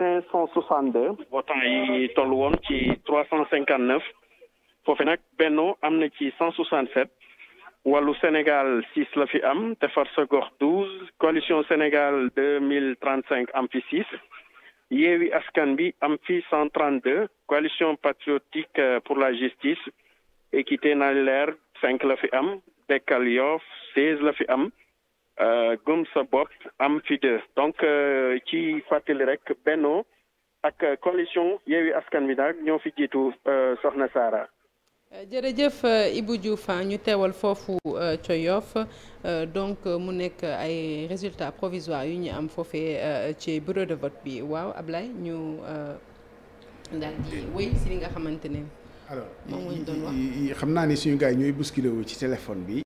cinq cent soixante deux. votant yi toll woon ci trois cent cinquante neuf foofu nag Benno am na ci cent soixante sept wàllu Sénégal six la fi am Defar sa Gox douze coalition Sénégal deux mille trente cinq am fi six. Yewwi Askan Wi am fi cent trente deux coalition patriotique pour la justice équité na leer cinq la fi am Dekkal Yoff seize la fi am. Euh, gëm sa bopp am fidèle donc euh, ci fàttali rek Benno ak coalition Yewwi Askan Wi daal ñoo fi jiitu euh, Soxna Saara. jërëjëf Ibou Diouf ñu teewal foofu Coyof donc mu nekk ay résultat provisoires yu ñu am foofee ci bureau de vote bi waaw Ablaye ñu daal di wéy si li nga xamante ne. alors moom la xam naa ni suñu gars yi ñooy bousculé wu ci téléphone bi.